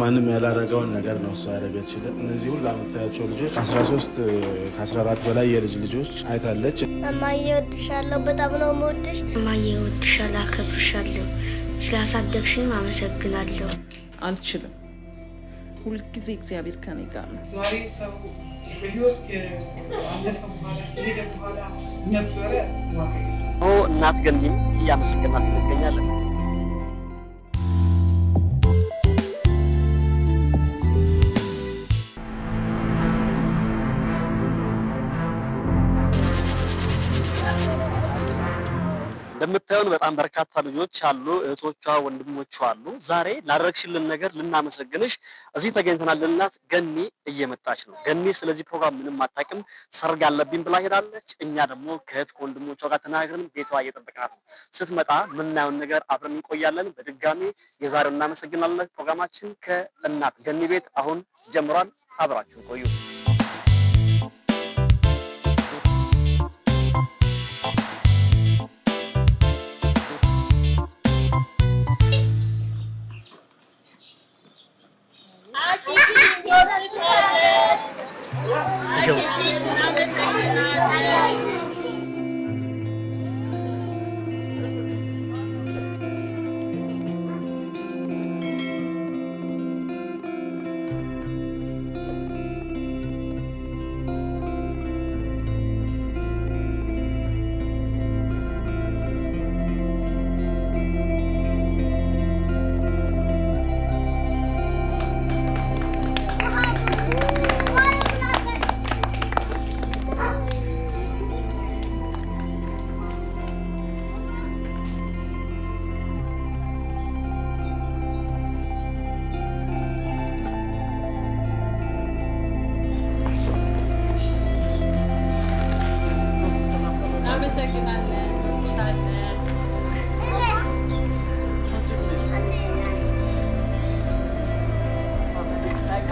ማንም ያላረገውን ነገር ነው እሱ ያደረገችልን። እነዚህ ሁሉ የምታያቸው ልጆች 13 ከ14 በላይ የልጅ ልጆች አይታለች። እማዬ እወድሻለሁ፣ በጣም ነው የምወድሽ። እማዬ እወድሻለሁ፣ አከብርሻለሁ። ስላሳደግሽኝ አመሰግናለሁ። አልችልም። ሁልጊዜ እግዚአብሔር ከኔ ጋር ነው። ዛሬ ሰው በህይወት አለፈ በኋላ ከሄደ በኋላ ነበረ እናት ገንዲም እያመሰገናት እንገኛለን። እንደምታዩን በጣም በርካታ ልጆች አሉ፣ እህቶቿ ወንድሞቿ አሉ። ዛሬ ላደረግሽልን ነገር ልናመሰግንሽ እዚህ ተገኝተናል። ልናት ገኒ እየመጣች ነው። ገኒ ስለዚህ ፕሮግራም ምንም አታውቅም። ሰርግ አለብኝ ብላ ሄዳለች። እኛ ደግሞ ከእህት ከወንድሞቿ ጋር ተናግረን ቤቷ እየጠበቅናት ነው። ስትመጣ የምናየውን ነገር አብረን እንቆያለን። በድጋሚ የዛሬው እናመሰግናለን። ፕሮግራማችን ከእናት ገኒ ቤት አሁን ጀምሯል። አብራችሁ ቆዩ። Thank you.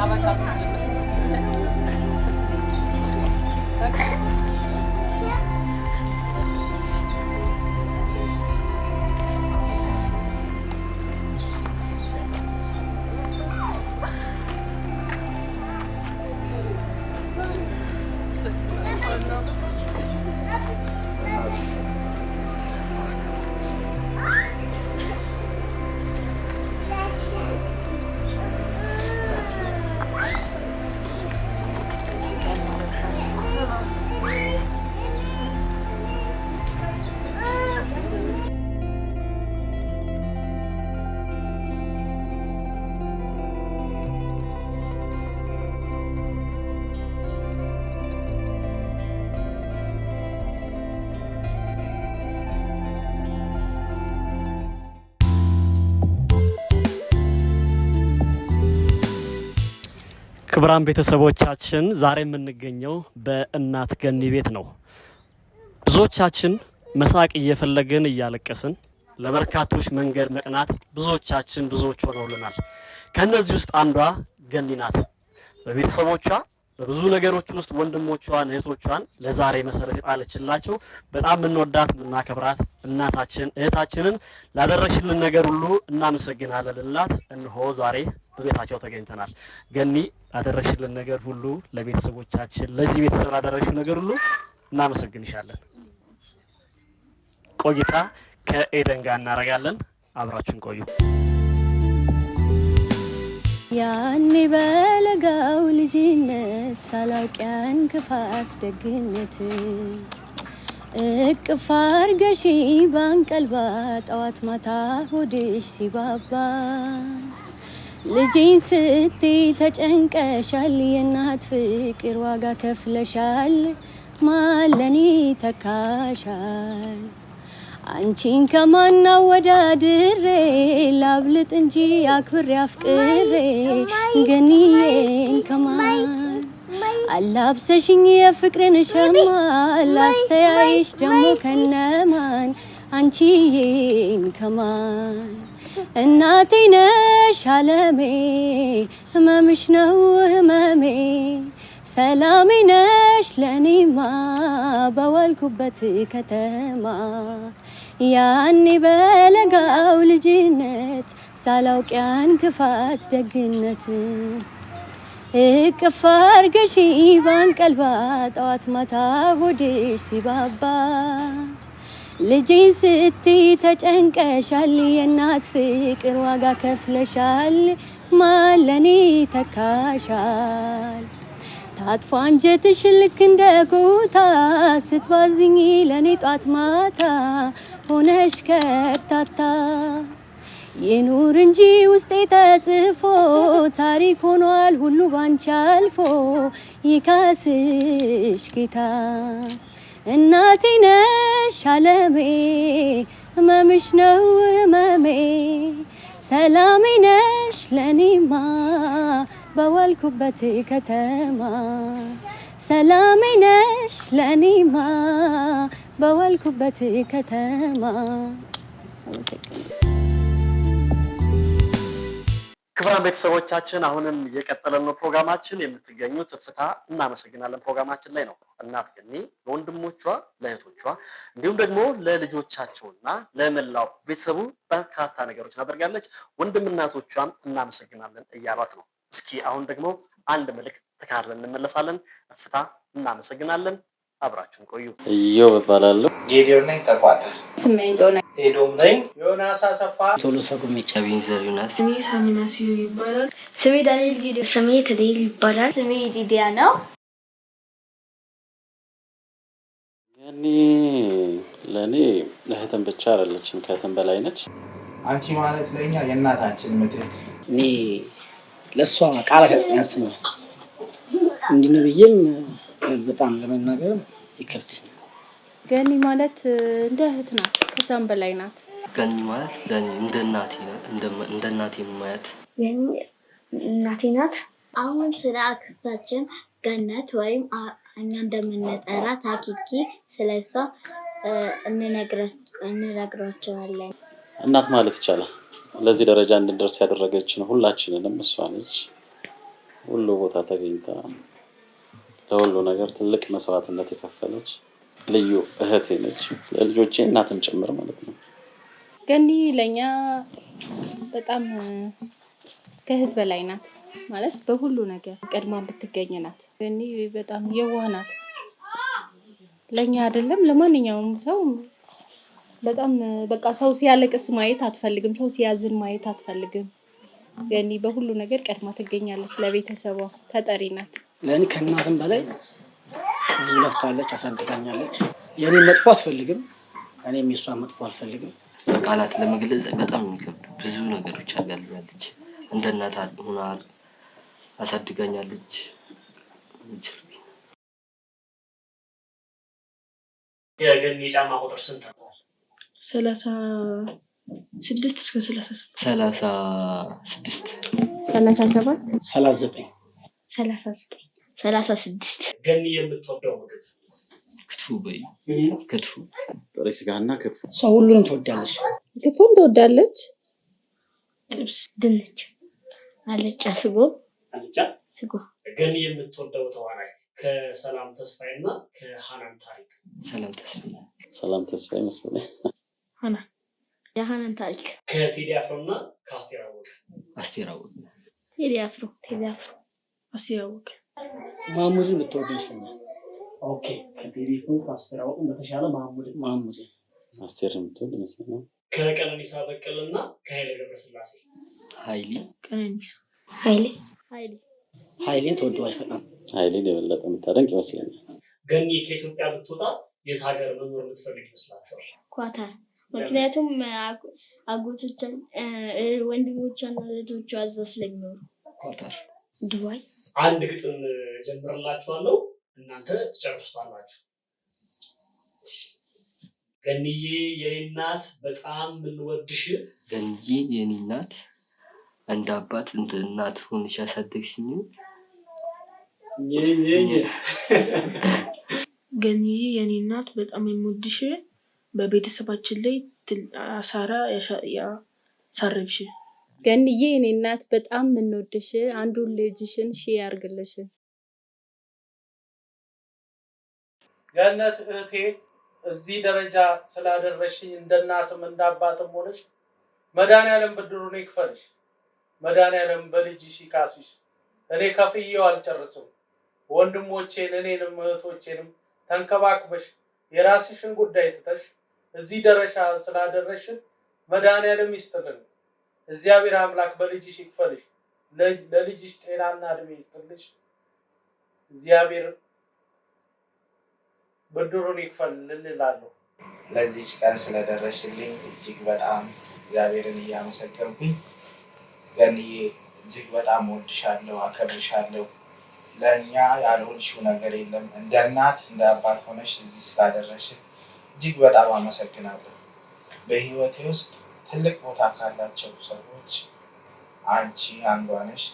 Selamat datang. ክብራን ቤተሰቦቻችን ዛሬ የምንገኘው በእናት ገኒ ቤት ነው። ብዙዎቻችን መሳቅ እየፈለግን እያለቀስን፣ ለበርካቶች መንገድ መቅናት ብዙዎቻችን ብዙዎች ሆነውልናል። ከእነዚህ ውስጥ አንዷ ገኒ ናት። በቤተሰቦቿ በብዙ ነገሮች ውስጥ ወንድሞቿን እህቶቿን ለዛሬ መሰረት የጣለችላቸው በጣም የምንወዳት የምናከብራት እናታችን እህታችንን ላደረግሽልን ነገር ሁሉ እናመሰግናለን ልላት እንሆ ዛሬ በቤታቸው ተገኝተናል። ገኒ ላደረግሽልን ነገር ሁሉ ለቤተሰቦቻችን፣ ለዚህ ቤተሰብ ላደረግሽ ነገር ሁሉ እናመሰግንሻለን። ቆይታ ከኤደን ጋር እናደርጋለን። አብራችን ቆዩ ያኔ በለጋው ልጅነት ሳላውቂያን ክፋት ደግነት እቅፋር ገሺ ባንቀልባ ጠዋት ማታ ሆድሽ ሲባባ ልጅን ስቲ ተጨንቀሻል። የእናት ፍቅር ዋጋ ከፍለሻል። ማለኒ ተካሻል። አንቺን ከማና ወዳድሬ ላብልጥ እንጂ አክብሬ አፍቅሬ ገንዬን ከማል አላብሰሽኝ የፍቅርን ሸማ ላስተያይሽ ደግሞ ከነማን አንቺዬን ከማል እናቴ ነሽ አለሜ ህመምሽ ነው ህመሜ ሰላሜ ነሽ ለኔማ በዋልኩበት ከተማ ያኔ በለጋው ልጅነት ሳላውቅ ያን ክፋት ደግነት እቅፍ አርገሽ ባንቀልባ ጠዋት ማታ ሆድሽ ሲባባ ልጅን ስቲ ተጨንቀሻል፣ የእናት ፍቅር ዋጋ ከፍለሻል፣ ማለኔ ተካሻል። ታጥፎ አንጀትሽ ልክ እንደ ኩታ ስትባዝኝ ለኔ ጧት ማታ ሆነሽ ከርታታ ይኑር እንጂ ውስጤ ተጽፎ ታሪክ ሆኗል ሁሉ ባንቺ አልፎ ይካስሽ ጌታ እናቴ ነሽ አለሜ ህመምሽ ነው ህመሜ ሰላሜ ነሽ ለኔማ በዋልኩበት ከተማ ሰላሜ ነሽ ለኔማ በዋልኩበት ከተማ ክብራን ቤተሰቦቻችን አሁንም እየቀጠለን ነው ፕሮግራማችን። የምትገኙት እፍታ እናመሰግናለን ፕሮግራማችን ላይ ነው። እናት ገኒ ለወንድሞቿ ለእህቶቿ፣ እንዲሁም ደግሞ ለልጆቻቸውና ለመላው ቤተሰቡ በርካታ ነገሮች አደርጋለች ወንድም እናቶቿን እናመሰግናለን እያሏት ነው። እስኪ አሁን ደግሞ አንድ መልእክት ተካርለን እንመለሳለን። እፍታ እናመሰግናለን። አብራችሁን ቆዩ። እዮ እባላለሁ ጌዲዮን ነኝ። ስሜ ጦና ሄዶም ነኝ ዮናስ አሰፋ ቶሎሳ ጉሚጫ ቤኒዘር ዮናስ ስሜ ሳሚናስ ይባላል። ስሜ ዳንኤል ጌዲ ስሜ ተዴል ይባላል። ስሜ ሊዲያ ነው። ያኔ ለእኔ እህትን ብቻ አይደለችም ከእህትን በላይ ነች። አንቺ ማለት ለእኛ የእናታችን ምትክ እኔ ለእሷ ቃላት ያንስኛል እንዲህ ብዬም በጣም ለመናገርም ይከብዳል። ገኒ ማለት እንደ እህት ናት፣ ከዛም በላይ ናት። ገኒ ማለት ገኒ እንደ እናቴ እንደ እናቴ ማየት ገኒ እናቴ ናት። አሁን ስለ አክስታችን ገነት ወይም እኛ እንደምንጠራት አኪኪ ስለ እሷ እንነግራቸዋለን። እናት ማለት ይቻላል ለዚህ ደረጃ እንድንደርስ ያደረገችን ሁላችንንም እሷ ነች። ሁሉ ቦታ ተገኝታ ለሁሉ ነገር ትልቅ መስዋዕትነት የከፈለች ልዩ እህቴ ነች፣ ለልጆቼ እናትም ጭምር ማለት ነው። ገኒ ለእኛ በጣም ከእህት በላይ ናት ማለት በሁሉ ነገር ቀድማ ብትገኝ ናት። ገኒ በጣም የዋህ ናት። ለእኛ አይደለም ለማንኛውም ሰው በጣም በቃ ሰው ሲያለቅስ ማየት አትፈልግም፣ ሰው ሲያዝን ማየት አትፈልግም። ገኒ በሁሉ ነገር ቀድማ ትገኛለች። ለቤተሰቧ ተጠሪ ናት። ለእኔ ከእናትም በላይ ብዙ ለፍታለች፣ አሳድጋኛለች። የኔ መጥፎ አትፈልግም፣ እኔ የእሷ መጥፎ አልፈልግም። በቃላት ለመግለጽ በጣም የሚከብድ ብዙ ነገሮች አጋልጋለች። እንደ እናት ሆና አሳድጋኛለች። ግን የጫማ ቁጥር ስንት ነው? ሰላሳ ስድስት እስከ ሰላሳ ሰባት ሰላሳ ስድስት ሰላሳ ሰባት ሰላሳ ዘጠኝ ሰላሳ ዘጠኝ ሰላሳ ስድስት ገኒ የምትወደው ምግብ? ክትፎ በይ። ክትፎ ጥሬ ስጋና ክትፎ። ሰው ሁሉንም ትወዳለች። ክትፎም ትወዳለች። ጥብስ፣ ድንች፣ አልጫ፣ ስጎ ስጎ። ገኒ የምትወደው ተዋናይ ከሰላም ተስፋዬ እና ከሀናን ታሪክ? ሰላም ተስፋዬ። ሰላም ተስፋዬ መሰለኝ። ሀና የሀናን ታሪክ። ከቴዲ አፍሮ እና ከአስቴር አወቀ? አስቴር አወቀ። ቴዲ አፍሮ ቴዲ አፍሮ አስቴር አወቀ ማሙድ ልትወዱ ይመስለኛል። ኦኬ ከቴሌፎ ከአስቴር አወቅን በተሻለ ማሙድ ማሙድ አስቴር የምትወድ ይመስለኛል። ከቀነኒሳ በቀለና ከኃይሌ ገብረስላሴ ኃይሌ ቀነኒሳ ኃይሌ ኃይሌ ኃይሌን ተወደዋች በጣም ኃይሌን የበለጠ የምታደንቅ ይመስለኛል። ገኒ ከኢትዮጵያ ብትወጣ የት ሀገር መኖር የምትፈልግ ይመስላችኋል? ኳታር። ምክንያቱም አጎቶቿን ወንድሞቿና እህቶቿ እዛ ስለሚኖሩ ኳታር፣ ዱባይ አንድ ግጥም ጀምርላችኋለሁ፣ እናንተ ትጨርሱታላችሁ። ገንዬ የኔ እናት በጣም ምንወድሽ፣ ገንዬ የኔ እናት እንደ አባት እንደ እናት ሆንሽ ያሳደግሽኝ፣ ገንዬ የኔ እናት በጣም የምወድሽ፣ በቤተሰባችን ላይ አሳራ ያሳረፍሽ ገንዬ እኔ እናት በጣም የምንወድሽ አንዱን ልጅሽን ሺ ያርግልሽ። ገነት እህቴ እዚህ ደረጃ ስላደረሽኝ እንደ እናትም እንደ አባትም ሆነሽ መድኃኒዓለም ብድሩን ይክፈልሽ። መድኃኒዓለም በልጅሽ ይካስሽ። እኔ ከፍዬው አልጨርስም። ወንድሞቼን እኔንም እህቶቼንም ተንከባክበሽ የራስሽን ጉዳይ ትተሽ እዚህ ደረጃ ስላደረሽን መድኃኒዓለም ይስጥልን። እግዚአብሔር አምላክ በልጅሽ ይክፈልሽ፣ ለልጅሽ ጤናና እድሜ ይስጥልሽ። እግዚአብሔር ብድሩን ይክፈል እንላለሁ። ለዚች ቀን ስለደረሽልኝ እጅግ በጣም እግዚአብሔርን እያመሰገንኩኝ ገንዬ እጅግ በጣም ወድሻለሁ፣ አከብርሻለሁ። ለእኛ ያልሆንሽው ነገር የለም። እንደ እናት እንደ አባት ሆነሽ እዚህ ስላደረሽን እጅግ በጣም አመሰግናለሁ። በህይወቴ ውስጥ ትልቅ ቦታ ካላቸው ሰዎች አንቺ አንዷ ነሽ።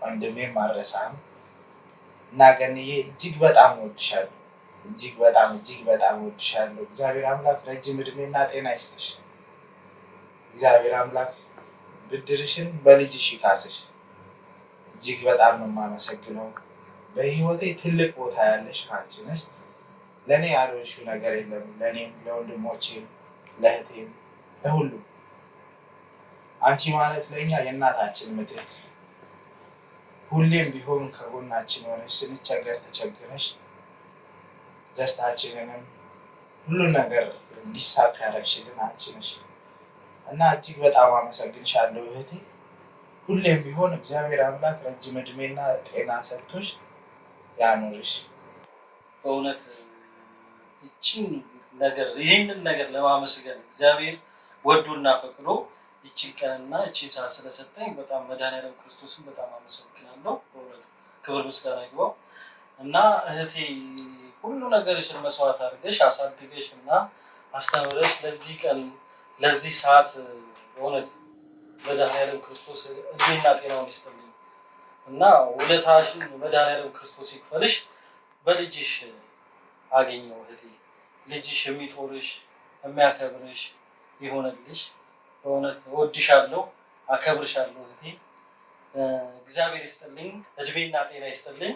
ወንድሜ ማረሳም እና ገንዬ እጅግ በጣም እወድሻለሁ። እጅግ በጣም እጅግ በጣም እወድሻለሁ። እግዚአብሔር አምላክ ረጅም እድሜና ጤና ይስጥሽ። እግዚአብሔር አምላክ ብድርሽን በልጅሽ ይካስሽ። እጅግ በጣም ነው የማመሰግነው። በህይወቴ ትልቅ ቦታ ያለሽ አንቺ ነሽ። ለእኔ ያልሆንሽው ነገር የለም። ለእኔም፣ ለወንድሞቼም፣ ለእህቴም ለሁሉ አንቺ ማለት ለእኛ የእናታችን ምትክ ሁሌም ቢሆን ከጎናችን ሆነች ስንቸገር ተቸግረሽ ደስታችንንም ሁሉን ነገር እንዲሳካ ያደረግሽልን አንቺ ነሽ እና እጅግ በጣም አመሰግንሻለሁ እህቴ። ሁሌም ቢሆን እግዚአብሔር አምላክ ረጅም እድሜና ጤና ሰጥቶሽ ያኖርሽ። በእውነት ይህንን ነገር ለማመስገን እግዚአብሔር ወዶና ፈቅዶ ይችን ቀንና እቺ ሰዓት ስለሰጠኝ በጣም መድኃኔዓለም ክርስቶስን በጣም አመሰግናለሁ። በእውነት ክብር ምስጋና ይግባው እና እህቴ ሁሉ ነገርሽን መስዋዕት አድርገሽ አሳድገሽ እና አስተምረሽ ለዚህ ቀን ለዚህ ሰዓት በእውነት መድኃኔዓለም ክርስቶስ እድሜና ጤናውን ይስጥልኝ እና ውለታሽን መድኃኔዓለም ክርስቶስ ይክፈልሽ። በልጅሽ አገኘው እህቴ ልጅሽ የሚጦርሽ የሚያከብርሽ የሆነልሽ። በእውነት እወድሻለሁ፣ አከብርሻለሁ እህቴ። እግዚአብሔር ይስጥልኝ፣ እድሜና ጤና ይስጥልኝ።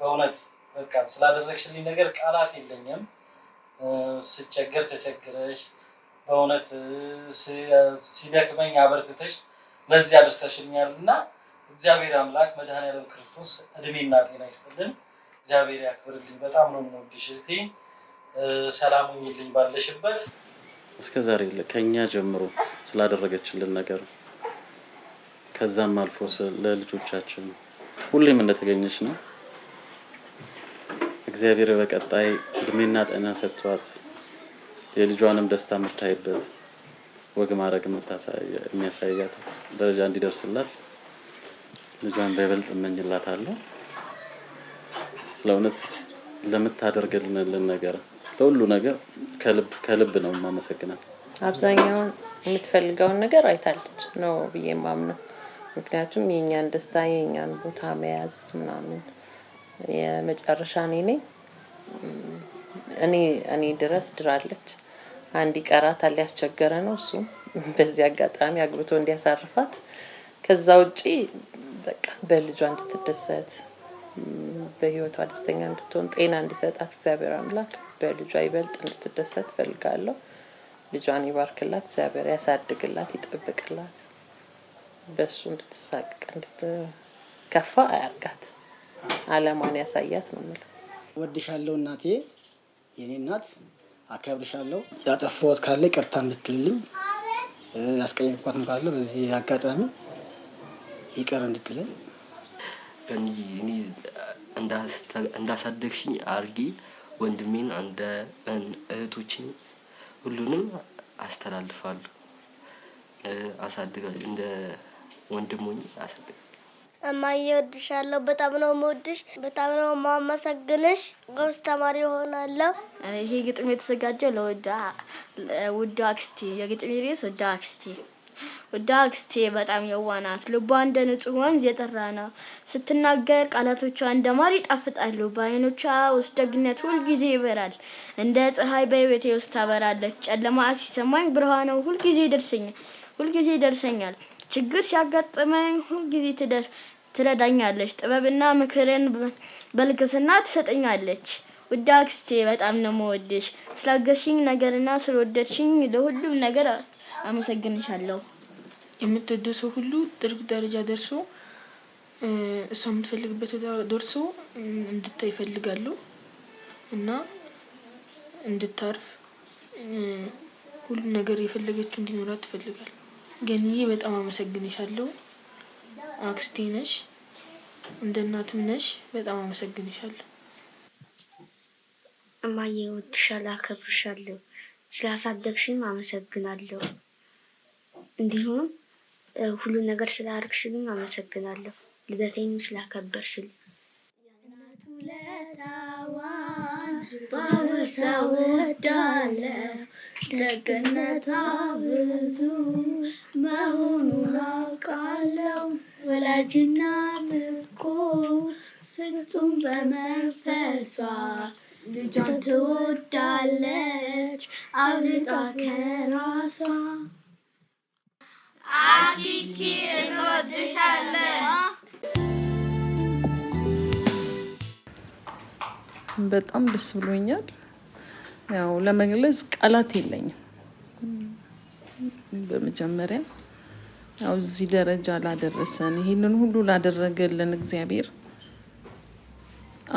በእውነት በቃ ስላደረግሽልኝ ነገር ቃላት የለኝም። ስቸገር ተቸግረሽ፣ በእውነት ሲደክመኝ አበርትተሽ ለዚህ አደርሰሽልኛል እና እግዚአብሔር አምላክ መድኃኔዓለም ክርስቶስ እድሜና ጤና ይስጥልን። እግዚአብሔር ያክብርልኝ። በጣም ነው የምወድሽ እህቴ። ሰላም ሁኝልኝ ባለሽበት። እስከ ዛሬ ከኛ ጀምሮ ስላደረገችልን ነገር ከዛም አልፎ ለልጆቻችን ሁሌም እንደተገኘች ነው። እግዚአብሔር በቀጣይ እድሜና ጤና ሰጥቷት የልጇንም ደስታ የምታይበት ወግ ማድረግ የሚያሳያት ደረጃ እንዲደርስላት ልጇን በይበልጥ እመኝላታለሁ። ስለ እውነት ለምታደርግልንልን ነገር ለሁሉ ነገር ከልብ ከልብ ነው የማመሰግናል። አብዛኛውን የምትፈልገውን ነገር አይታለች ነው ብዬ የማምነው። ምክንያቱም የእኛን ደስታ የእኛን ቦታ መያዝ ምናምን የመጨረሻ እኔ ነኝ እኔ እኔ ድረስ ድራለች። አንድ ይቀራታል፣ ያስቸገረ ነው እሱም በዚህ አጋጣሚ አግብቶ እንዲያሳርፋት። ከዛ ውጪ በቃ በልጇ እንድትደሰት በህይወቷ ደስተኛ እንድትሆን ጤና እንዲሰጣት እግዚአብሔር አምላክ በልጇ ይበልጥ እንድትደሰት ፈልጋለሁ። ልጇን ይባርክላት፣ እግዚአብሔር ያሳድግላት፣ ይጠብቅላት። በእሱ እንድትሳቅቅ እንድትከፋ አያርጋት፣ አለማን ያሳያት ነው የምልህ። ወድሻለሁ እናቴ፣ የኔ እናት አከብርሻለሁ። ያጠፋሁት ካለ ይቅርታ እንድትልልኝ፣ ያስቀየምኳትም ካለ በዚህ አጋጣሚ ይቅር እንድትለኝ እንዳሳደግሽኝ አርጌ ወንድሜን እንደ እህቶችን ሁሉንም አስተላልፋሉ አሳድጋል እንደ ወንድሞኝ አሳድጋል። እማዬ እወድሻለሁ። በጣም ነው የምወድሽ። በጣም ነው የማመሰግንሽ። ጎበዝ ተማሪ እሆናለሁ። ይሄ ግጥም የተዘጋጀው ለውዷ አክስቴ፣ የግጥሜ ሬስ ውዷ አክስቴ ውዳ በጣም የዋናት፣ ልቧ እንደ ንጹህ ወንዝ የጠራ ነው። ስትናገር ቃላቶቿ እንደ ማር ይጣፍጣሉ። በአይኖቿ ውስጥ ደግነት ሁልጊዜ ይበራል። እንደ ፀሐይ በቤቴ ውስጥ ታበራለች። ጨለማ ሲሰማኝ ብርሃኗ ሁልጊዜ ይደርሰኛል ሁልጊዜ ይደርሰኛል። ችግር ሲያጋጥመኝ ሁልጊዜ ትረዳኛለች። ጥበብና ምክርን በልግስና ትሰጠኛለች። ውዳክስቴ በጣም ነው የምወድሽ። ስላገሽኝ ነገርና ስለወደድሽኝ ለሁሉም ነገር አመሰግንሻለሁ። የምትወደው ሰው ሁሉ ጥርግ ደረጃ ደርሶ እሷ የምትፈልግበት ደርሶ እንድታይ ይፈልጋሉ እና እንድታርፍ ሁሉም ነገር የፈለገችው እንዲኖራት ትፈልጋል። ገንዬ በጣም አመሰግንሻለሁ። አክስቴ ነሽ፣ እንደ እናትም ነሽ። በጣም አመሰግንሻለሁ እማዬ። እወድሻለሁ፣ አከብርሻለሁ። ስላሳደግሽም አመሰግናለሁ። እንዲሁም ሁሉ ነገር ስላደረግሽልኝ አመሰግናለሁ። ልደቴንም ስላከበርሽልኝ ለታዋን ባወሳ ደግነቷ ብዙ መሆኑን አውቃለሁ። ወላጅና ፍጹም በመንፈሷ ልጇን ትወዳለች አብልጣ ከራሷ አኪኪ እንወድሻለን። በጣም ደስ ብሎኛል። ያው ለመግለጽ ቃላት የለኝም። በመጀመሪያ ያው እዚህ ደረጃ ላደረሰን ይህንን ሁሉ ላደረገልን እግዚአብሔር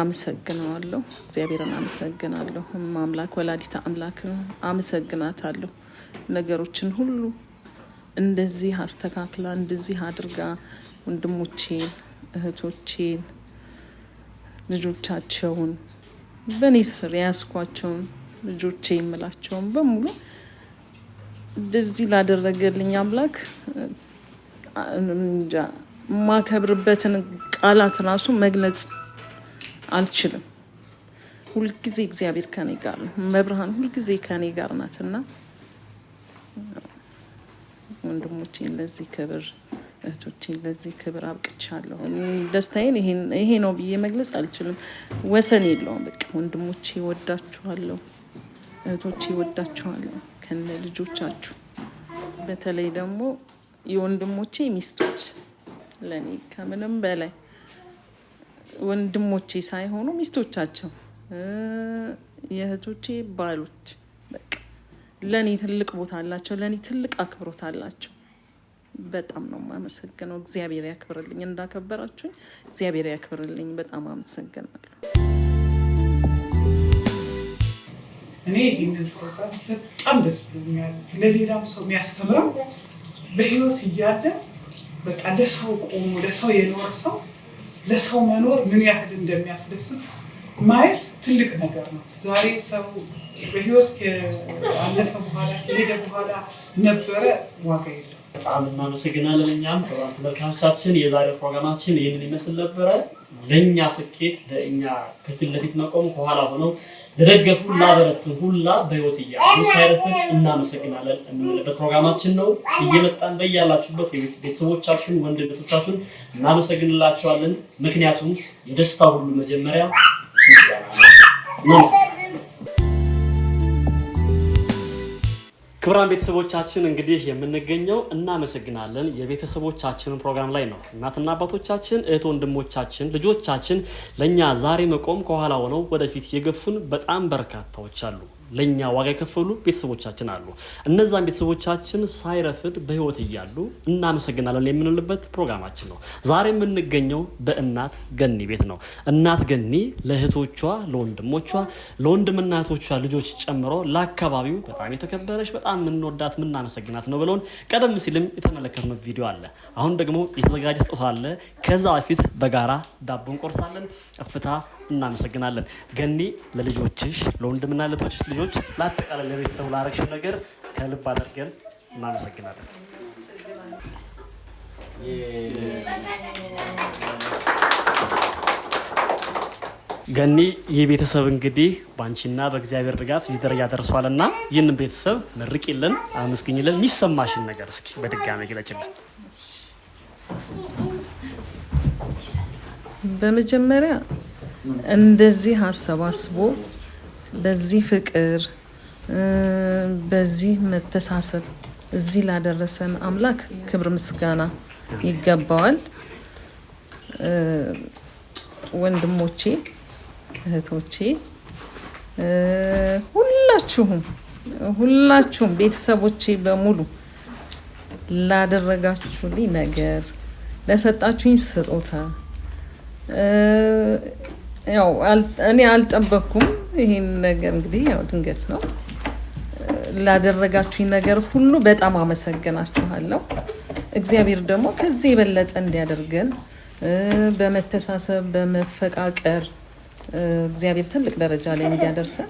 አመሰግነዋለሁ። እግዚአብሔርን አመሰግናለሁ። አምላክ ወላዲተ አምላክ አመሰግናታለሁ። ነገሮችን ሁሉ እንደዚህ አስተካክላ እንደዚህ አድርጋ ወንድሞቼን እህቶቼን ልጆቻቸውን በእኔ ስር የያዝኳቸውን ልጆቼ የምላቸውን በሙሉ እንደዚህ ላደረገልኝ አምላክ እንጃ የማከብርበትን ቃላት ራሱ መግለጽ አልችልም። ሁልጊዜ እግዚአብሔር ከኔ ጋር ነው። መብርሃን ሁልጊዜ ከኔ ጋር ናትና ወንድሞቼን ለዚህ ክብር እህቶቼን ለዚህ ክብር አብቅቻለሁ። ደስታዬን ይሄ ነው ብዬ መግለጽ አልችልም። ወሰን የለውም። በቃ ወንድሞቼ ወዳችኋለሁ፣ እህቶቼ ወዳችኋለሁ ከነ ልጆቻችሁ። በተለይ ደግሞ የወንድሞቼ ሚስቶች ለእኔ ከምንም በላይ ወንድሞቼ ሳይሆኑ ሚስቶቻቸው የእህቶቼ ባሎች ለእኔ ትልቅ ቦታ አላቸው። ለእኔ ትልቅ አክብሮት አላቸው። በጣም ነው የማመሰግነው። እግዚአብሔር ያክብርልኝ። እንዳከበራችሁኝ እግዚአብሔር ያክብርልኝ። በጣም አመሰግናለሁ። እኔ ይህንን ፕሮግራም በጣም ደስ ብሎኛል። ለሌላም ሰው የሚያስተምረው በህይወት እያለ በቃ ለሰው ቆሞ ለሰው የኖረ ሰው ለሰው መኖር ምን ያህል እንደሚያስደስት ማየት ትልቅ ነገር ነው። ዛሬ ሰው በህይወት በኋላ ከሄደ በኋላ ነበረ ዋጋ በጣም እናመሰግናለን። እኛም ክቡራን ተመልካቾቻችን የዛሬው ፕሮግራማችን ይህንን ይመስል ነበረ። ለእኛ ስኬት ለእኛ ከፊት ለፊት ከኋላ ሆነው ለደገፉ ላበረቱን ሁላ በህይወት እያሉ ሳይረፍን እናመሰግናለን የምንልበት ፕሮግራማችን ነው። እየመጣን በያላችሁበት ቤተሰቦቻችሁን፣ ቤቶቻችሁን እናመሰግንላቸዋለን። ምክንያቱም የደስታ ሁሉ መጀመሪያ ክብራን ቤተሰቦቻችን እንግዲህ የምንገኘው እናመሰግናለን የቤተሰቦቻችንን ፕሮግራም ላይ ነው። እናትና አባቶቻችን፣ እህት ወንድሞቻችን፣ ልጆቻችን ለእኛ ዛሬ መቆም ከኋላ ሆነው ወደፊት የገፉን በጣም በርካታዎች አሉ። ለእኛ ዋጋ የከፈሉ ቤተሰቦቻችን አሉ። እነዛን ቤተሰቦቻችን ሳይረፍድ በህይወት እያሉ እናመሰግናለን የምንልበት ፕሮግራማችን ነው። ዛሬ የምንገኘው በእናት ገኒ ቤት ነው። እናት ገኒ ለእህቶቿ፣ ለወንድሞቿ፣ ለወንድምና እህቶቿ ልጆች ጨምሮ ለአካባቢው በጣም የተከበረች በጣም የምንወዳት የምናመሰግናት ነው ብለውን ቀደም ሲልም የተመለከትነው ቪዲዮ አለ። አሁን ደግሞ የተዘጋጀ ስጦታ አለ። ከዛ በፊት በጋራ ዳቦ እንቆርሳለን። እፍታ እናመሰግናለን። ገኒ ለልጆችሽ ለወንድምና ለቶችሽ ልጆች ለአጠቃላይ ለቤተሰቡ ላረግሽው ነገር ከልብ አድርገን እናመሰግናለን። ገኒ ይህ ቤተሰብ እንግዲህ በአንቺና በእግዚአብሔር ድጋፍ እዚህ ደረጃ ደርሷልና ይህንን ቤተሰብ መርቂልን፣ አመስግኝልን። የሚሰማሽን ነገር እስኪ በድጋሚ ግለጭልን። በመጀመሪያ እንደዚህ አሰባስቦ በዚህ ፍቅር በዚህ መተሳሰብ እዚህ ላደረሰን አምላክ ክብር ምስጋና ይገባዋል። ወንድሞቼ፣ እህቶቼ፣ ሁላችሁም ሁላችሁም ቤተሰቦቼ በሙሉ ላደረጋችሁልኝ ነገር፣ ለሰጣችሁኝ ስጦታ ያው እኔ አልጠበኩም ይሄን ነገር እንግዲህ ያው ድንገት ነው። ላደረጋችሁኝ ነገር ሁሉ በጣም አመሰግናችኋለሁ። እግዚአብሔር ደግሞ ከዚህ የበለጠ እንዲያደርገን በመተሳሰብ በመፈቃቀር እግዚአብሔር ትልቅ ደረጃ ላይ እንዲያደርሰን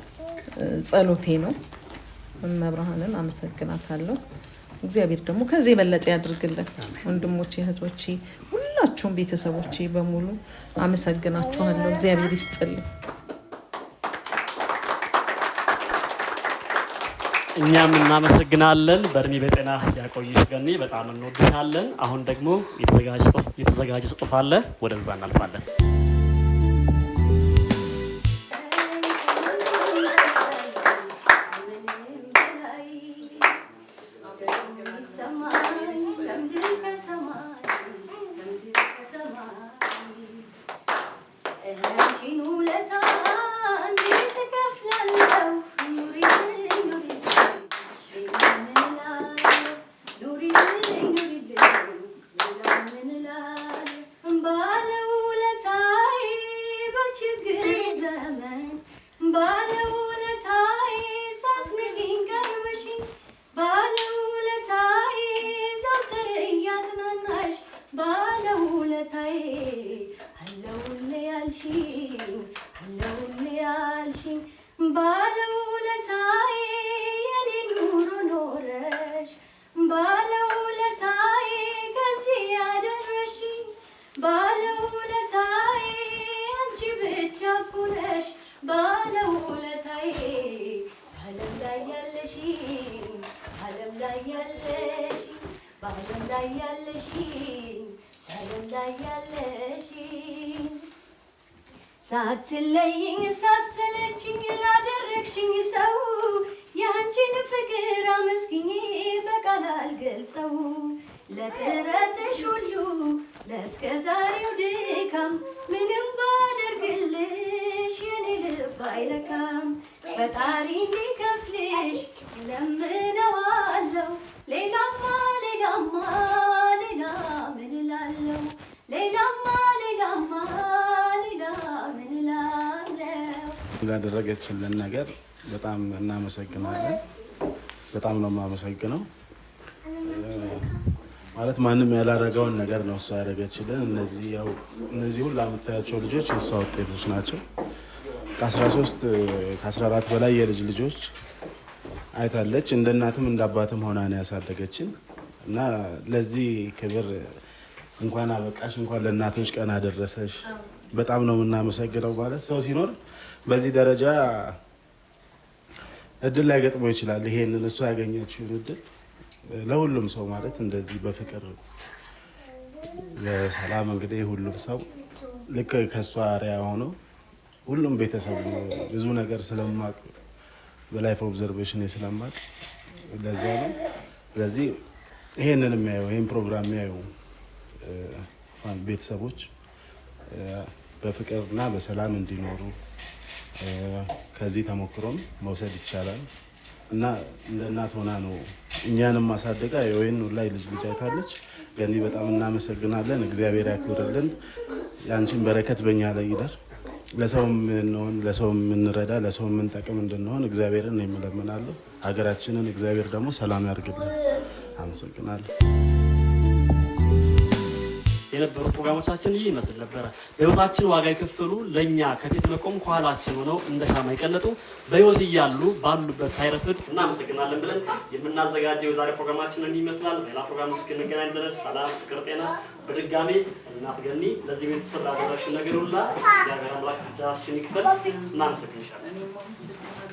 ጸሎቴ ነው። መብርሃንን አመሰግናታለሁ። እግዚአብሔር ደግሞ ከዚህ የበለጠ ያድርግልን። ወንድሞቼ፣ እህቶቼ፣ ሁላችሁም ቤተሰቦቼ በሙሉ አመሰግናችኋለሁ። እግዚአብሔር ይስጥልኝ። እኛም እናመሰግናለን። በእድሜ በጤና ያቆይሽ ገኒ፣ በጣም እንወድሻለን። አሁን ደግሞ የተዘጋጀ ጽሑፍ አለ፣ ወደዛ እናልፋለን። ባለውለታዬ አለውልህ ያልሽኝ ለጥረትሽ ሁሉ ለእስከ ዛሬው ድካም ምንም ባደርግልሽ የኔ ልብ አይለካም። ፈጣሪ እንዲከፍልሽ እለምነዋለሁ። ሌላማ ሌላማ ሌላ ምን እላለሁ? ሌላማ ሌላማ ሌላ ምን እላለሁ? ላደረገችልን ነገር በጣም እናመሰግናለን። በጣም ነው የማመሰግነው። ማለት ማንም ያላረገውን ነገር ነው እሷ ያደረገችልን። እነዚህ ሁላ የምታያቸው ልጆች የእሷ ውጤቶች ናቸው። ከ13 ከ14 በላይ የልጅ ልጆች አይታለች። እንደ እናትም እንደ አባትም ሆና ነው ያሳደገችን እና ለዚህ ክብር እንኳን አበቃሽ፣ እንኳን ለእናቶች ቀን አደረሰሽ። በጣም ነው የምናመሰግነው። ማለት ሰው ሲኖር በዚህ ደረጃ እድል ላይገጥሞ ይችላል። ይሄንን እሷ ያገኘችውን እድል ለሁሉም ሰው ማለት እንደዚህ በፍቅር ለሰላም እንግዲህ ሁሉም ሰው ልክ ከእሷ አሪያ ሆኖ ሁሉም ቤተሰብ ብዙ ነገር ስለማቅ በላይፍ ኦብዘርቬሽን ስለማቅ ለዛ ነው። ስለዚህ ይሄንን የሚያየው ይህን ፕሮግራም የሚያዩ ቤተሰቦች በፍቅርና በሰላም እንዲኖሩ ከዚህ ተሞክሮም መውሰድ ይቻላል። እና እንደ እናት ሆና ነው እኛንም ማሳደጋ የወይን ላይ ልጅ ልጅ አይታለች። ገኒ በጣም እናመሰግናለን። እግዚአብሔር ያክብርልን። የአንቺን በረከት በእኛ ላይ ይደር። ለሰው የምንሆን ለሰው የምንረዳ ለሰው የምንጠቅም እንድንሆን እግዚአብሔርን እለምናለሁ። ሀገራችንን እግዚአብሔር ደግሞ ሰላም ያርግልን። አመሰግናለሁ። የነበሩ ፕሮግራሞቻችን ይህ ይመስል ነበረ። በህይወታችን ዋጋ የከፈሉ ለእኛ ከፊት መቆም ከኋላችን ሆነው እንደ ሻማ የቀለጡ በህይወት እያሉ ባሉበት ሳይረፍድ እናመሰግናለን ብለን የምናዘጋጀው የዛሬ ፕሮግራማችን ፕሮግራማችንን ይመስላል። ሌላ ፕሮግራም እስክንገናኝ ድረስ ሰላም፣ ፍቅር፣ ጤና በድጋሚ እናት ገኒ ለዚህ ቤተሰብ ላደረግሽን ነገር ሁላ እግዚአብሔር አምላክ ዳስችን ይክፈል። እናመሰግንሻለን።